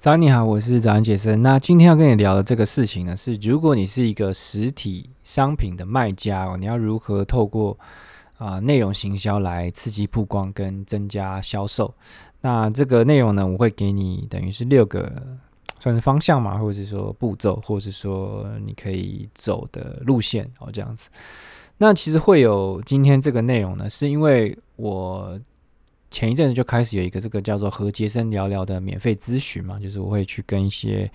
早安，你好，我是早安傑森。那今天要跟你聊的這個事情呢，是如果你是一個實體商品的賣家哦，你要如何透過啊、呃、內容行銷來刺激曝光跟增加銷售？那這個內容呢，我會給你等於是六個算是方向嘛，或者是說步驟，或者是說你可以走的路線哦，這樣子。那其實會有今天這個內容呢，是因為我。前一陣子就開始有一個這個叫做“和傑森聊聊”的免費諮詢嘛，就是我會去跟一些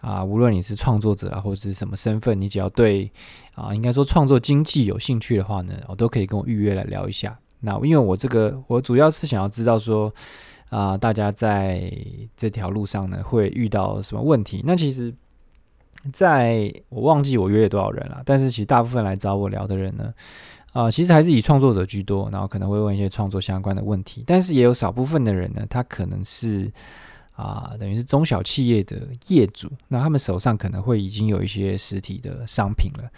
啊，無論你是創作者啊，或者是什麼身份，你只要對啊，應該說創作經濟有興趣的話呢，我都可以跟我預約來聊一下。那因為我這個，我主要是想要知道說啊，大家在這條路上呢會遇到什麼問題。那其實在，在我忘記我約了多少人了，但是其實大部分來找我聊的人呢。啊、呃，其實還是以創作者居多，然後可能會問一些創作相關的問題，但是也有少部分的人呢，他可能是啊、呃，等於是中小企業的業主，那他們手上可能會已經有一些實體的商品了。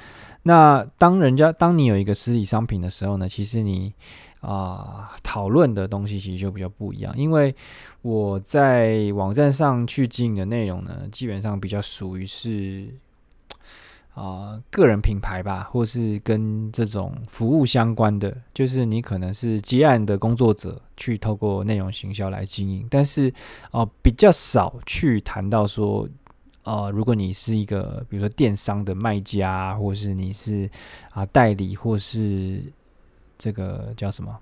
那當人家，當你有一個實體商品的時候呢，其實你啊、呃，討論的東西其實就比較不一樣，因為我在網站上去經營的內容呢，基本上比較屬於是。啊、呃，個人品牌吧，或是跟這種服務相關的，就是你可能是接案的工作者，去透過內容行銷來經營。但是，哦、呃，比較少去談到說，呃，如果你是一個，比如說電商的賣家，或是你是啊、呃、代理，或是這個叫什麼，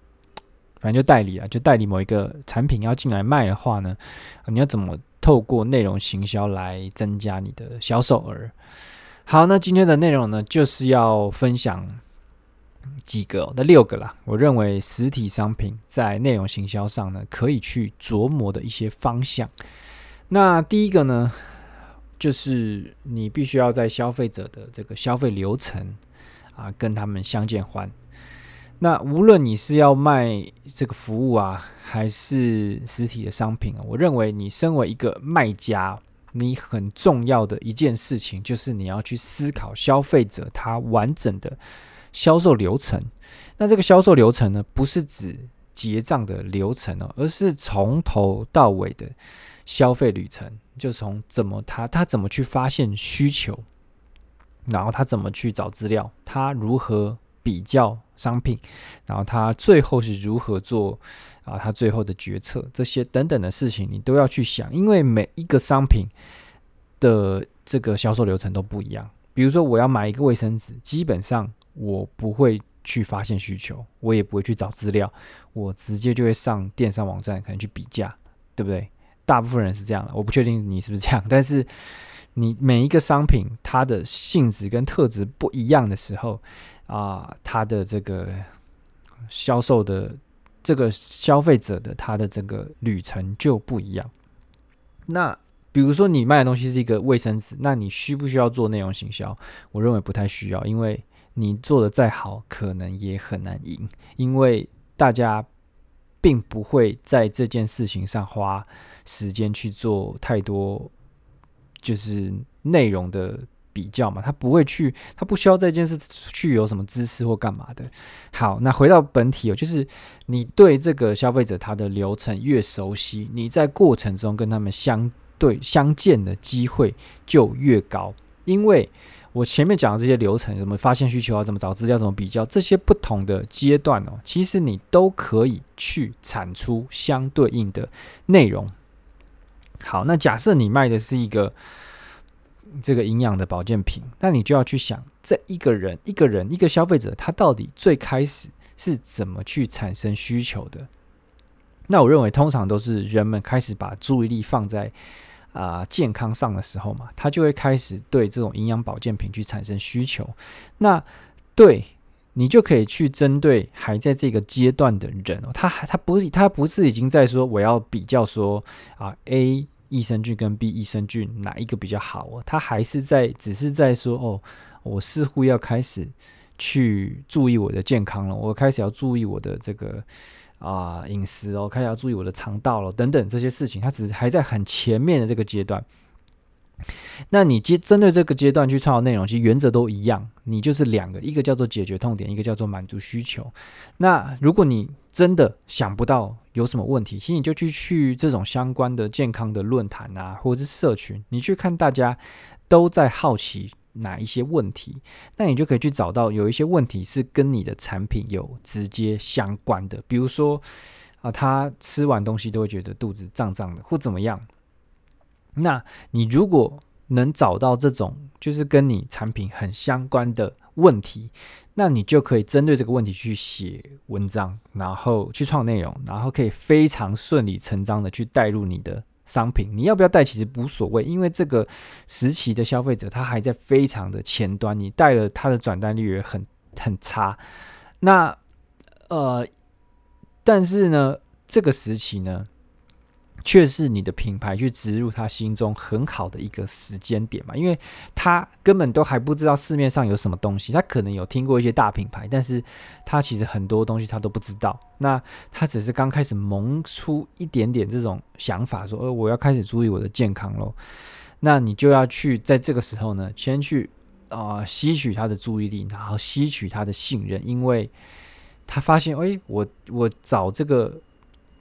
反正就代理啊，就代理某一個產品要進來賣的話呢、呃，你要怎麼透過內容行銷來增加你的銷售額？好，那今天的內容呢，就是要分享幾個，那六個啦。我認為實體商品在內容行銷上呢，可以去琢磨的一些方向。那第一個呢，就是你必須要在消費者的這個消費流程啊，跟他們相見歡。那無論你是要賣這個服務啊，還是實體的商品，我認為你身為一個賣家。你很重要的一件事情就是你要去思考消費者他完整的銷售流程。那這個銷售流程呢，不是指結賬的流程哦，而是從頭到尾的消費旅程，就從怎麼他他怎麼去發現需求，然後他怎麼去找資料，他如何。比較商品，然後他最後是如何做啊？他最後的決策這些等等的事情，你都要去想，因為每一個商品的這個銷售流程都不一樣。比如說，我要買一個衛生紙，基本上我不會去發現需求，我也不會去找資料，我直接就會上電商網站，可能去比價，對不對？大部分人是這樣的，我不確定你是不是這樣，但是。你每一個商品，它的性質跟特質不一樣的時候，啊，它的這個銷售的這個消費者的他的這個旅程就不一樣。那比如說你賣的東西是一個衛生紙，那你需不需要做內容行銷？我認為不太需要，因為你做的再好，可能也很難贏，因為大家並不會在這件事情上花時間去做太多。就是內容的比較嘛，他不會去，他不需要在這件事去有什麼知識或幹嘛的。好，那回到本體哦，就是你對這個消費者他的流程越熟悉，你在過程中跟他們相對相見的機會就越高。因為我前面講的這些流程，什麼發現需求啊，怎麼找資料，怎麼比較，這些不同的階段哦，其實你都可以去產出相對應的內容。好，那假設你賣的是一個這個營養的保健品，那你就要去想，這一個人一個人一個消費者，他到底最開始是怎麼去產生需求的？那我認為，通常都是人們開始把注意力放在啊，呃，健康上的時候嘛，他就會開始對這種營養保健品去產生需求。那對。你就可以去針對還在這個階段的人哦，他還他不是他不是已經在說我要比較說啊 A 益生菌跟 B 益生菌哪一個比較好哦，啊，他還是在只是在說哦，我似乎要開始去注意我的健康了，我開始要注意我的這個啊飲食哦，開始要注意我的腸道了等等這些事情，他只是還在很前面的這個階段。那你接針對這個階段去創造內容，其實原則都一樣，你就是兩個，一個叫做解決痛點，一個叫做滿足需求。那如果你真的想不到有什麼問題，其實你就去去這種相關的健康的論壇啊，或者是社群，你去看大家都在好奇哪一些問題，那你就可以去找到有一些問題是跟你的產品有直接相關的，比如說啊，他吃完東西都會覺得肚子脹脹的，或怎麼樣。那你如果能找到這種就是跟你產品很相關的問題，那你就可以針對這個問題去寫文章，然後去創內容，然後可以非常順理成章的去帶入你的商品。你要不要帶其實無所謂，因為這個時期的消費者他還在非常的前端，你帶了他的轉單率也很很差。那呃，但是呢，這個時期呢，卻是你的品牌去植入他心中很好的一個時間點嘛，因為他根本都還不知道市面上有什麼東西，他可能有聽過一些大品牌，但是他其實很多東西他都不知道，那他只是剛開始萌出一點點這種想法，說，哦，我要開始注意我的健康嘍，那你就要去在這個時候呢，先去啊、呃，吸取他的注意力，然後吸取他的信任，因為他發現，誒，我我找這個。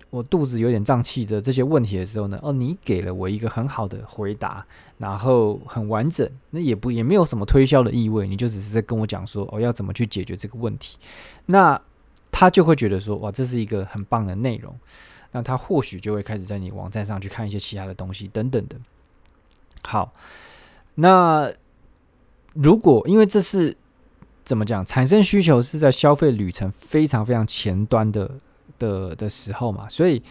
我肚子有點脹氣的這些問題的時候呢，哦，你給了我一個很好的回答，然後很完整，那也不也沒有什麼推銷的意味，你就只是在跟我講說，哦，要怎麼去解決這個問題，那他就會覺得說，哇，這是一個很棒的內容，那他或許就會開始在你網站上去看一些其他的東西，等等的。好，那如果因為這是怎麼講，產生需求是在消費旅程非常非常前端的。的的時候嘛，所以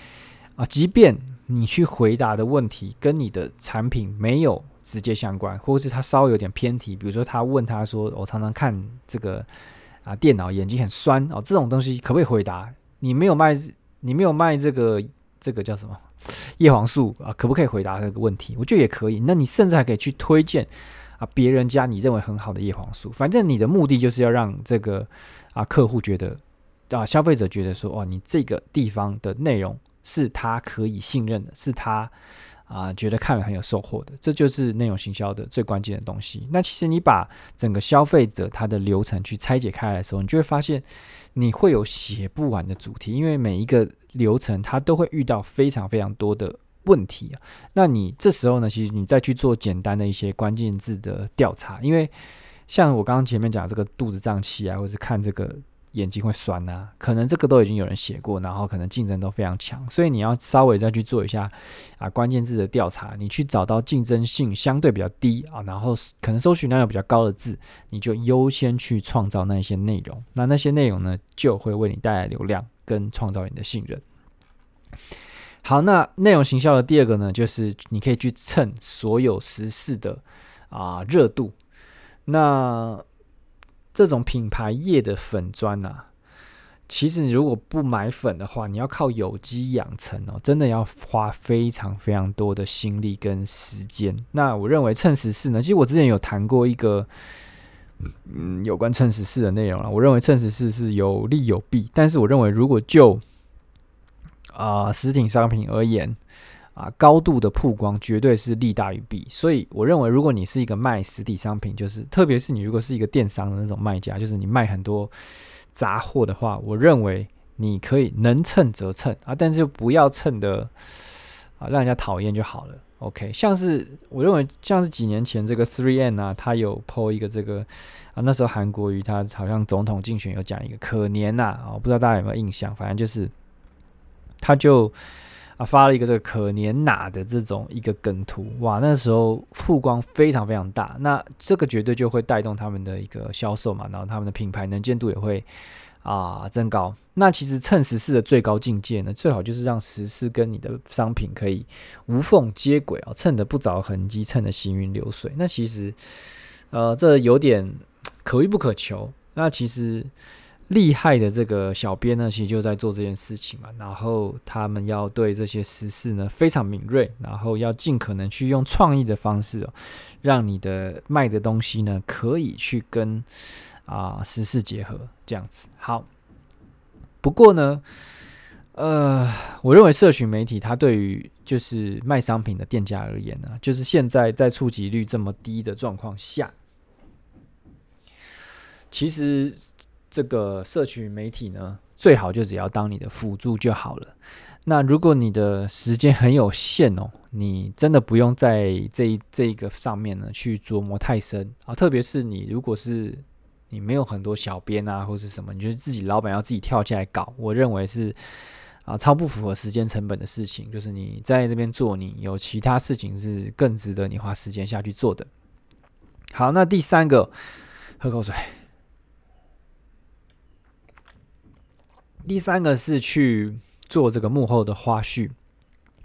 啊，即便你去回答的問題跟你的產品沒有直接相關，或者是他稍微有點偏題，比如說他問他說：“我常常看這個啊電腦，眼睛很酸哦。”這種東西可不可以回答？你沒有賣，你沒有賣這個這個叫什麼葉黃素啊？可不可以回答這個問題？我覺得也可以。那你甚至還可以去推薦啊別人家你認為很好的葉黃素，反正你的目的就是要讓這個啊客戶覺得。啊，消費者覺得說，哦，你這個地方的內容是他可以信任的，是他啊，覺得看了很有收穫的，這就是內容行銷的最關鍵的東西。那其實你把整個消費者他的流程去拆解開來的時候，你就會發現你會有寫不完的主題，因為每一個流程他都會遇到非常非常多的問題啊。那你這時候呢，其實你再去做簡單的一些關鍵字的調查，因為像我剛剛前面講這個肚子脹氣啊，或者是看這個。眼睛會酸吶、啊，可能這個都已經有人寫過，然後可能競爭都非常強，所以你要稍微再去做一下啊關鍵字的調查，你去找到競爭性相對比較低啊，然後可能搜尋量又比較高的字，你就優先去創造那一些內容，那那些內容呢，就會為你帶來流量跟創造你的信任。好，那內容行銷的第二個呢，就是你可以去蹭所有時事的啊熱度，那。這種品牌業的粉專吶、啊，其實如果不買粉的話，你要靠有機養成哦，真的要花非常非常多的心力跟時間。那我認為蹭時事呢，其實我之前有談過一個嗯有關蹭時事的內容了。我認為蹭時事是有利有弊，但是我認為如果就啊、呃、實體商品而言。啊，高度的曝光絕對是利大於弊，所以我認為，如果你是一個賣實體商品，就是特別是你如果是一個電商的那種賣家，就是你賣很多雜貨的話，我認為你可以能蹭則蹭啊，但是不要蹭的啊，讓人家討厭就好了。OK，像是我認為像是幾年前這個 Three N 啊，他有 PO 一個這個啊，那時候韓國瑜他好像總統競選有講一個可憐吶啊、哦，不知道大家有沒有印象，反正就是他就。啊，發了一個這個可年哪的這種一個梗圖，哇，那時候曝光非常非常大，那這個絕對就會帶動他們的一個銷售嘛，然後他們的品牌能見度也會啊增高。那其實蹭時事的最高境界呢，最好就是讓時事跟你的商品可以無縫接軌啊，蹭的不着痕跡，蹭的行雲流水。那其實，呃，這有點可遇不可求。那其實。厲害的這個小編呢，其實就在做這件事情嘛。然後他們要對這些時事呢非常敏銳，然後要盡可能去用創意的方式哦，讓你的賣的東西呢可以去跟啊時事結合，這樣子。好，不過呢，呃，我認為社群媒體它對於就是賣商品的店家而言呢、啊，就是現在在觸及率這麼低的狀況下，其實。這個社群媒體呢，最好就只要當你的輔助就好了。那如果你的時間很有限哦，你真的不用在這一這一個上面呢去琢磨太深啊。特別是你如果是你沒有很多小編啊，或是什麼，你就自己老闆要自己跳起來搞，我認為是啊超不符合時間成本的事情。就是你在這邊做，你有其他事情是更值得你花時間下去做的。好，那第三個，喝口水。第三個是去做這個幕後的花絮。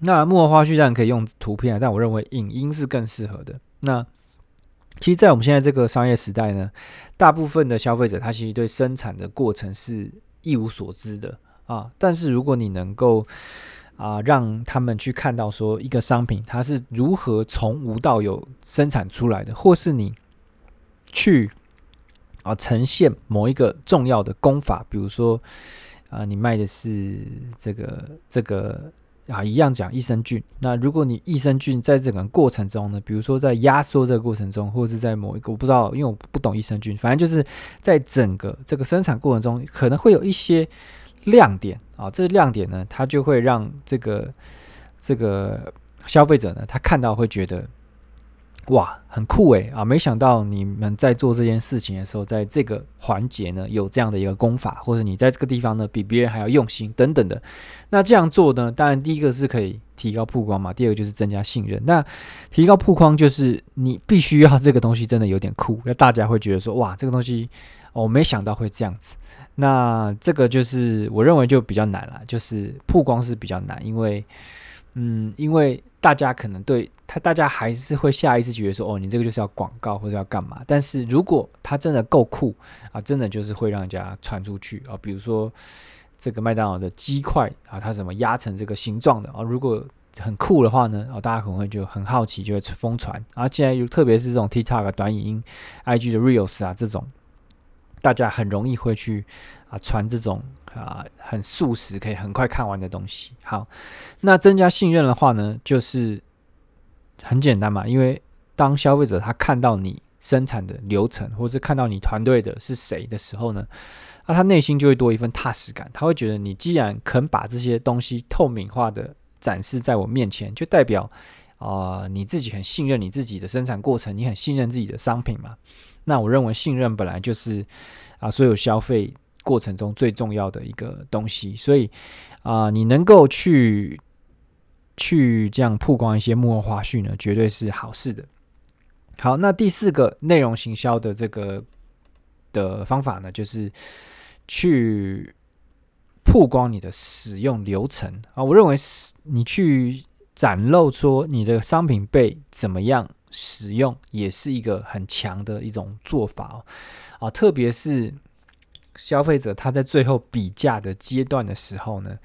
那幕後花絮當然可以用圖片，但我認為影音是更適合的。那其實，在我們現在這個商業時代呢，大部分的消費者他其實對生產的過程是一無所知的啊。但是如果你能夠啊讓他們去看到說一個商品它是如何從無到有生產出來的，或是你去啊呈現某一個重要的工法，比如說。啊，你賣的是這個這個啊，一樣講益生菌。那如果你益生菌在整個過程中呢，比如說在壓縮這個過程中，或者是在某一個我不知道，因為我不懂益生菌，反正就是在整個這個生產過程中，可能會有一些亮點啊。這個亮點呢，它就會讓這個這個消費者呢，他看到會覺得。哇，很酷誒。啊，沒想到你們在做這件事情的時候，在這個環節呢有這樣的一個功法，或者你在這個地方呢比別人還要用心等等的。那這樣做呢，當然第一個是可以提高曝光嘛，第二個就是增加信任。那提高曝光就是你必須要這個東西真的有點酷，那大家會覺得說哇，這個東西我、哦、沒想到會這樣子。那這個就是我認為就比較難了，就是曝光是比較難，因為。嗯，因為大家可能對他，大家還是會下意識覺得說，哦，你這個就是要廣告或者要幹嘛。但是如果它真的夠酷啊，真的就是會讓人家傳出去啊。比如說這個麥當勞的雞塊啊，它怎麼壓成這個形狀的啊？如果很酷的話呢，啊，大家可能會就很好奇，就會瘋傳。啊，現在又特別是這種 TikTok 啊、短影音、IG 的 Reels 啊這種。大家很容易會去啊傳這種啊很速食可以很快看完的東西。好，那增加信任的話呢，就是很簡單嘛，因為當消費者他看到你生產的流程，或是看到你團隊的是誰的時候呢，啊，那他內心就會多一份踏實感。他會覺得你既然肯把這些東西透明化的展示在我面前，就代表啊，呃，你自己很信任你自己的生產過程，你很信任自己的商品嘛。那我認為信任本來就是啊，所有消費過程中最重要的一個東西。所以啊，你能夠去去這樣曝光一些幕後花絮呢，絕對是好事的。好，那第四個內容行銷的這個的方法呢，就是去曝光你的使用流程啊。我認為是你去展露出你的商品被怎麼樣。使用也是一個很強的一種做法哦，啊，特別是消費者他在最後比價的階段的時候呢，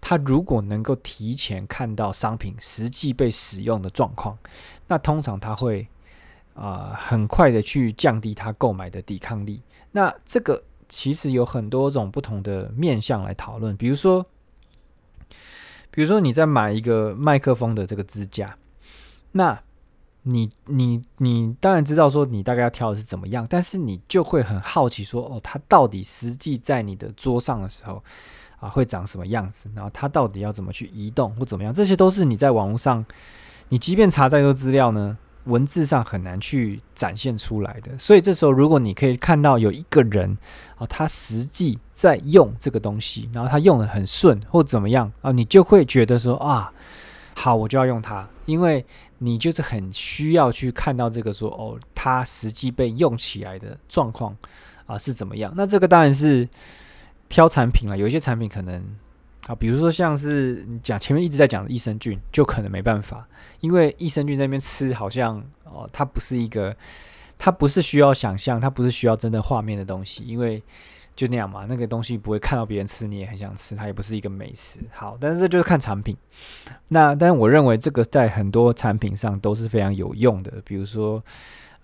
他如果能夠提前看到商品實際被使用的狀況，那通常他會啊、呃、很快的去降低他購買的抵抗力。那這個其實有很多種不同的面向來討論，比如說，比如說你在買一個麥克風的這個支架，那。你你你當然知道說你大概要挑的是怎麼樣，但是你就會很好奇說哦，它到底實際在你的桌上的時候啊，會長什麼樣子？然後它到底要怎麼去移動或怎麼樣？這些都是你在網絡上，你即便查再多資料呢，文字上很難去展現出來的。所以這時候，如果你可以看到有一個人啊，他實際在用這個東西，然後他用得很順或怎麼樣啊，你就會覺得說啊。好，我就要用它，因為你就是很需要去看到這個說哦，它實際被用起來的狀況啊、呃、是怎麼樣？那這個當然是挑產品了。有一些產品可能啊、呃，比如說像是你講前面一直在講的益生菌，就可能沒辦法，因為益生菌在那邊吃好像哦、呃，它不是一個，它不是需要想象，它不是需要真的畫面的東西，因為。就那樣嘛，那個東西不會看到別人吃，你也很想吃，它也不是一個美食。好，但是這就是看產品。那，但是我認為這個在很多產品上都是非常有用的，比如說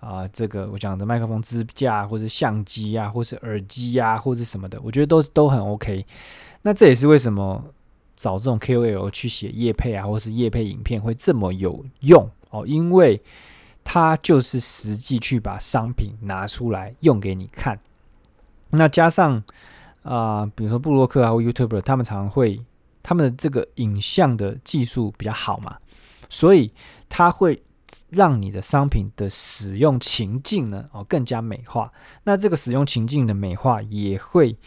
啊、呃，這個我講的麥克風支架，或者相機啊，或是耳機啊，或是什麼的，我覺得都是都很 OK。那這也是為什麼找這種 KOL 去寫業配啊，或是業配影片會這麼有用哦，因為它就是實際去把商品拿出來用給你看。那加上啊、呃，比如說部落客啊，或 YouTuber，他們常會，他們的這個影像的技術比較好嘛，所以它會讓你的商品的使用情境呢，哦，更加美化。那這個使用情境的美化，也會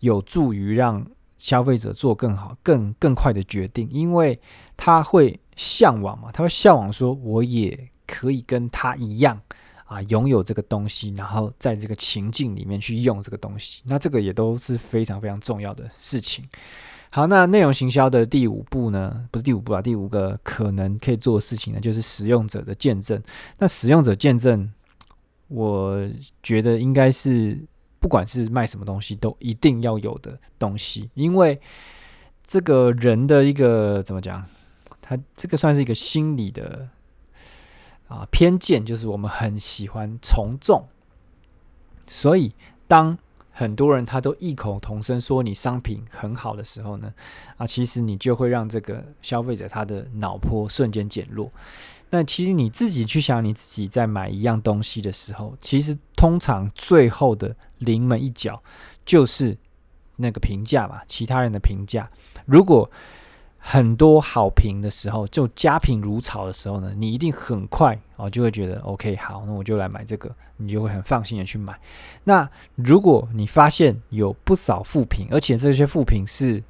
有助於讓消費者做更好、更更快的決定，因為他會向往嘛，他會向往說，我也可以跟他一樣。啊，擁有這個東西，然後在這個情境裡面去用這個東西，那這個也都是非常非常重要的事情。好，那內容行銷的第五步呢，不是第五步啊，第五個可能可以做的事情呢，就是使用者的見證。那使用者見證，我覺得應該是不管是賣什麼東西，都一定要有的東西，因為這個人的一個怎麼講，他這個算是一個心理的。啊，偏見就是我們很喜歡從眾，所以當很多人他都異口同聲說你商品很好的時候呢，啊，其實你就會讓這個消費者他的腦波瞬間減弱。那其實你自己去想，你自己在買一樣東西的時候，其實通常最後的臨門一腳就是那個評價吧，其他人的評價。如果很多好評的時候，就佳評如潮的時候呢，你一定很快哦就會覺得 OK，好，那我就來買這個，你就會很放心的去買。那如果你發現有不少負評，而且這些負評是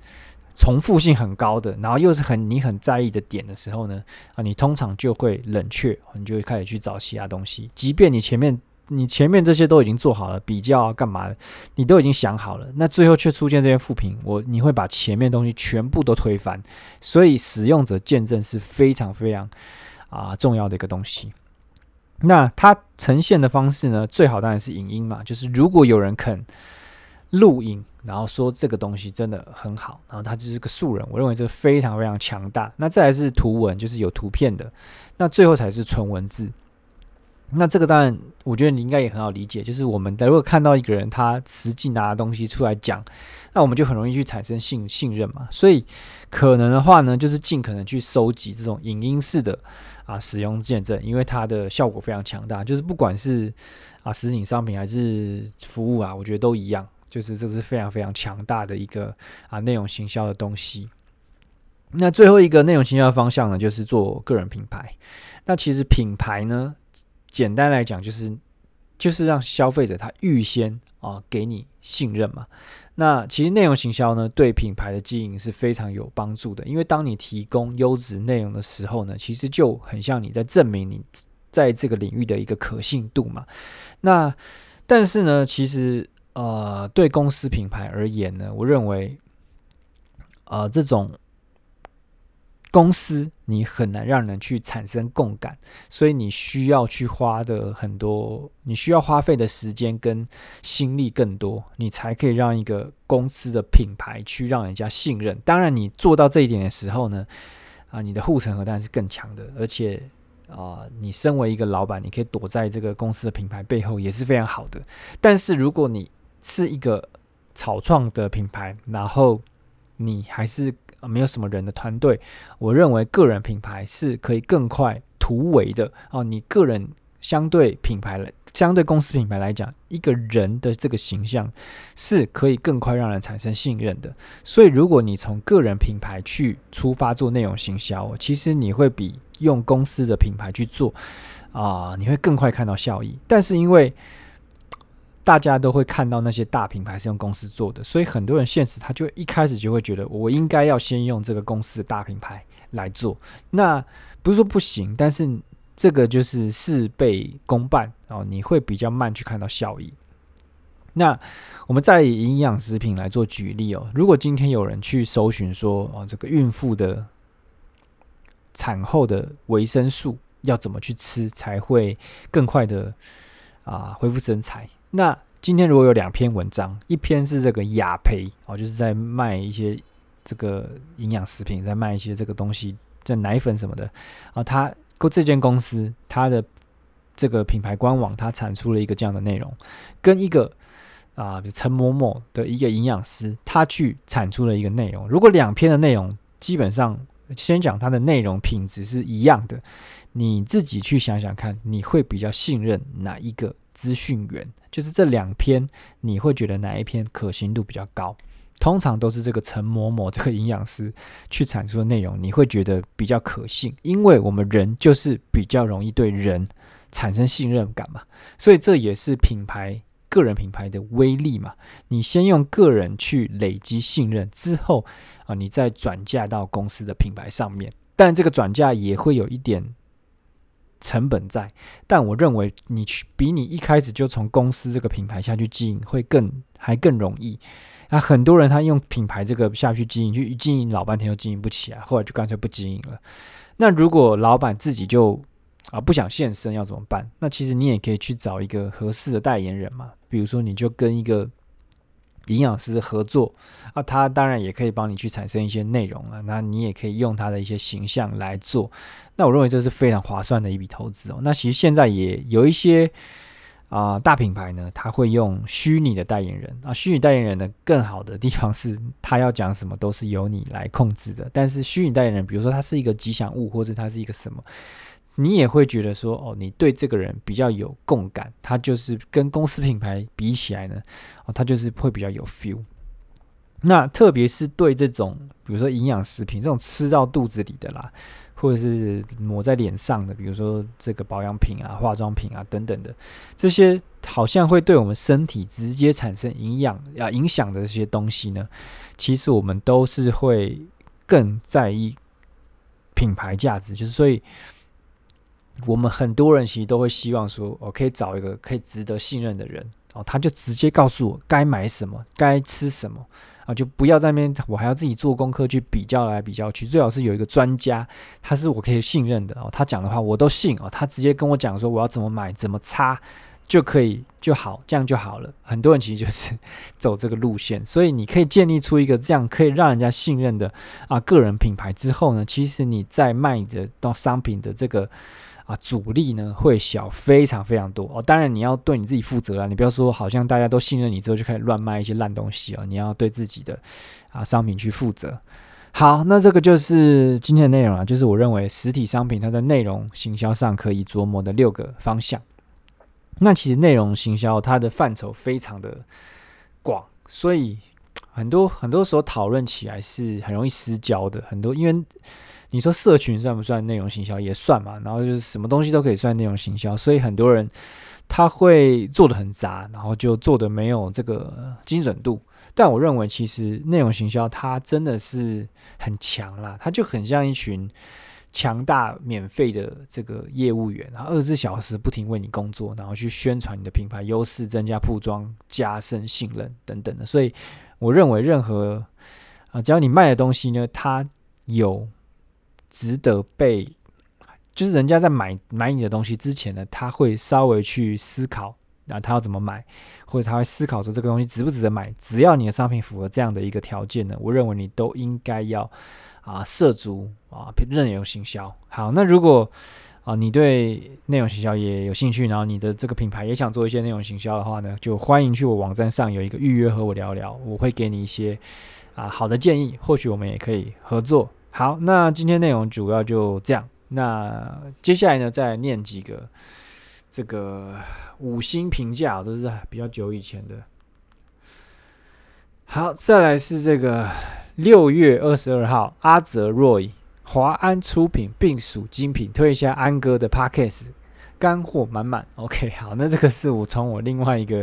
重複性很高的，然後又是很你很在意的點的時候呢，啊，你通常就會冷卻，你就會開始去找其他東西，即便你前面。你前面這些都已經做好了，比較、啊、幹嘛的，你都已經想好了，那最後卻出現這些負評，我你會把前面東西全部都推翻。所以使用者見證是非常非常啊重要的一個東西。那它呈現的方式呢？最好當然是影音嘛，就是如果有人肯錄影，然後說這個東西真的很好，然後他就是個素人，我認為這非常非常強大。那再來是圖文，就是有圖片的，那最後才是純文字。那這個當然，我覺得你應該也很好理解，就是我們如果看到一個人他實際拿的東西出來講，那我們就很容易去產生信信任嘛。所以可能的話呢，就是盡可能去收集這種影音式的啊使用見證，因為它的效果非常強大。就是不管是啊實體商品還是服務啊，我覺得都一樣，就是這是非常非常強大的一個啊內容行銷的東西。那最後一個內容行銷的方向呢，就是做個人品牌。那其實品牌呢？簡單來講，就是就是讓消費者他預先啊給你信任嘛。那其實內容行銷呢，對品牌的經營是非常有幫助的，因為當你提供優質內容的時候呢，其實就很像你在證明你在這個領域的一個可信度嘛。那但是呢，其實呃，對公司品牌而言呢，我認為呃，這種公司。你很難讓人去產生共感，所以你需要去花的很多，你需要花費的時間跟心力更多，你才可以讓一個公司的品牌去讓人家信任。當然，你做到這一點的時候呢，啊，你的護城河當然是更強的，而且啊、呃，你身為一個老闆，你可以躲在這個公司的品牌背後也是非常好的。但是，如果你是一個草創的品牌，然後你還是。啊，沒有什麼人的團隊，我認為個人品牌是可以更快突圍的哦，啊。你個人相對品牌來，相對公司品牌來講，一個人的這個形象是可以更快讓人產生信任的。所以，如果你從個人品牌去出發做內容行銷，其實你會比用公司的品牌去做啊，你會更快看到效益。但是因為大家都會看到那些大品牌是用公司做的，所以很多人現實他就一開始就會覺得我應該要先用這個公司的大品牌來做。那不是說不行，但是這個就是事倍功半哦，你會比較慢去看到效益。那我們再以營養食品來做舉例哦，如果今天有人去搜尋說哦，這個孕婦的產後的維生素要怎麼去吃才會更快的啊，恢復身材？那今天如果有兩篇文章，一篇是這個雅培哦，就是在賣一些這個營養食品，在賣一些這個東西，這奶粉什麼的啊，它過這間公司它的這個品牌官網，它產出了一個這樣的內容，跟一個啊、呃、陳某某的一個營養師，他去產出了一個內容。如果兩篇的內容基本上先講它的內容品質是一樣的，你自己去想想看，你會比較信任哪一個？資訊源，就是這兩篇，你會覺得哪一篇可信度比較高？通常都是這個陳某某這個營養師去闡述的內容，你會覺得比較可信，因為我們人就是比較容易對人產生信任感嘛，所以這也是品牌，個人品牌的威力嘛。你先用個人去累積信任之後啊，你再轉嫁到公司的品牌上面，但這個轉嫁也會有一點。成本在，但我認為你去比你一開始就從公司這個品牌下去經營會更還更容易。那、啊、很多人他用品牌這個下去經營，去經營老半天都經營不起來、啊，後來就乾脆不經營了。那如果老闆自己就啊不想現身要怎麼辦？那其實你也可以去找一個合適的代言人嘛，比如說你就跟一個。營養師合作啊，他當然也可以幫你去產生一些內容啊，那你也可以用他的一些形象來做。那我認為這是非常划算的一筆投資哦。那其實現在也有一些啊、呃、大品牌呢，他會用虛擬的代言人啊。虛擬代言人呢，更好的地方是他要講什麼都是由你來控制的。但是虛擬代言人，比如說他是一個吉祥物，或者他是一個什麼。你也會覺得說，哦，你對這個人比較有共感，他就是跟公司品牌比起來呢，哦，他就是會比較有 feel。那特別是對這種，比如說營養食品這種吃到肚子裡的啦，或者是抹在臉上的，比如說這個保養品啊、化妝品啊等等的，這些好像會對我們身體直接產生營養啊影響的這些東西呢，其實我們都是會更在意品牌價值，就是所以。我們很多人其實都會希望說，我可以找一個可以值得信任的人，哦，他就直接告訴我該買什麼，該吃什麼，啊，就不要在那邊我還要自己做功課去比較來比較去，最好是有一個專家，他是我可以信任的，哦，他講的話我都信，哦，他直接跟我講說我要怎麼買，怎麼擦。就可以就好，這樣就好了。很多人其實就是走這個路線，所以你可以建立出一個這樣可以讓人家信任的啊個人品牌之後呢，其實你在賣你的到商品的這個啊阻力呢會小非常非常多哦。當然你要對你自己負責啦，你不要說好像大家都信任你之後就開始亂賣一些爛東西哦。你要對自己的啊商品去負責。好，那這個就是今天的內容啊，就是我認為實體商品它的內容行銷上可以琢磨的六個方向。那其實內容行銷它的範疇非常的廣，所以很多很多時候討論起來是很容易失焦的。很多因為你說社群算不算內容行銷，也算嘛。然後就是什麼東西都可以算內容行銷，所以很多人他會做的很雜，然後就做的沒有這個精準度。但我認為，其實內容行銷它真的是很強啦，它就很像一群。強大、免費的這個業務員，然後二十四小時不停為你工作，然後去宣傳你的品牌優勢，增加曝光、加深信任等等的。所以，我認為任何啊，只要你賣的東西呢，它有值得被，就是人家在買買你的東西之前呢，他會稍微去思考，那、啊、他要怎麼買，或者他會思考說這個東西值不值得買。只要你的商品符合這樣的一個條件呢，我認為你都應該要。啊，涉足啊，任由行銷。好，那如果啊，你對內容行銷也有興趣，然後你的這個品牌也想做一些內容行銷的話呢，就歡迎去我網站上有一個預約和我聊聊，我會給你一些啊好的建議，或許我們也可以合作。好，那今天內容主要就這樣。那接下來呢，再念幾個這個五星評價，都是比較久以前的。好，再來是這個。六月二十二號，阿澤若 o 華安出品，必屬精品。推一下安哥的 Podcast，乾貨滿滿。OK，好，那這個是我從我另外一個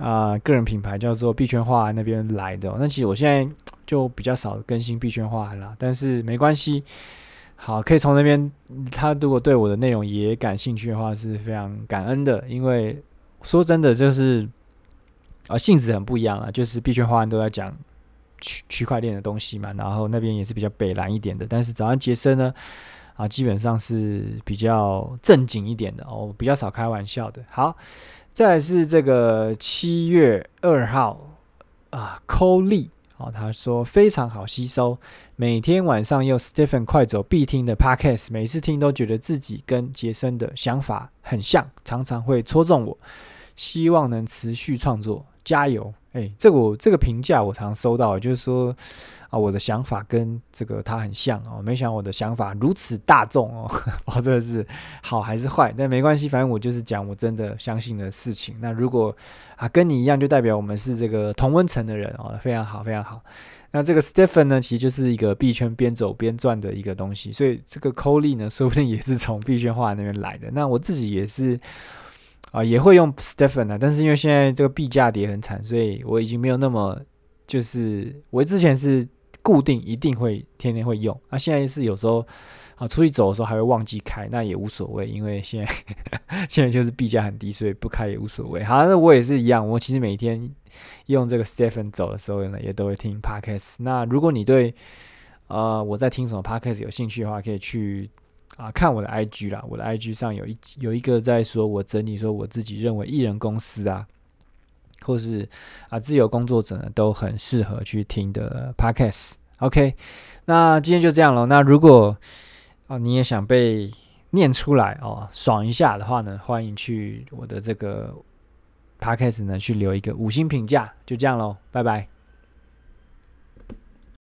啊、呃、個人品牌叫做幣圈華安那邊來的喔。那其實我現在就比較少更新幣圈華安了啦，但是沒關係。好，可以從那邊、嗯、他如果對我的內容也感興趣的話，是非常感恩的。因為說真的，就是啊、呃、性質很不一樣啊，就是幣圈華安都在講。區區塊鏈的東西嘛，然後那邊也是比較北藍一點的，但是早安傑森呢，啊，基本上是比較正經一點的，哦，比較少開玩笑的。好，再來是這個七月二號啊 Coli 哦，他說非常好吸收，每天晚上用 Stephen 快走必聽的 Podcast，每次聽都覺得自己跟傑森的想法很像，常常會戳中我，希望能持續創作，加油。誒、欸，這個、我這個評價我常收到，就是說啊，我的想法跟這個他很像哦，沒想到我的想法如此大眾哦，這個是好還是壞？但沒關係，反正我就是講我真的相信的事情。那如果啊跟你一樣，就代表我們是這個同溫層的人哦，非常好，非常好。那這個 Stephen 呢，其實就是一個幣圈邊走邊賺的一個東西，所以這個 Colin 呢，說不定也是從幣圈化那邊來的。那我自己也是。啊，也會用 Stephen 啊。但是因為現在這個幣價跌很慘，所以我已經沒有那麼就是我之前是固定一定會天天會用，那、啊、現在是有時候啊出去走的時候還會忘記開，那也無所謂，因為現在呵呵現在就是幣價很低，所以不開也無所謂。好，那我也是一樣，我其實每天用這個 Stephen 走的時候呢，也都會聽 Podcast。那如果你對呃我在聽什麼 Podcast 有興趣的話，可以去。啊，看我的 IG 啦，我的 IG 上有一有一個在說，我整理說我自己認為藝人公司啊，或是啊自由工作者呢，都很適合去聽的 Podcast。OK，那今天就這樣咯，那如果啊你也想被念出來哦，爽一下的話呢，歡迎去我的這個 Podcast 呢去留一個五星評價。就這樣嘍，拜拜。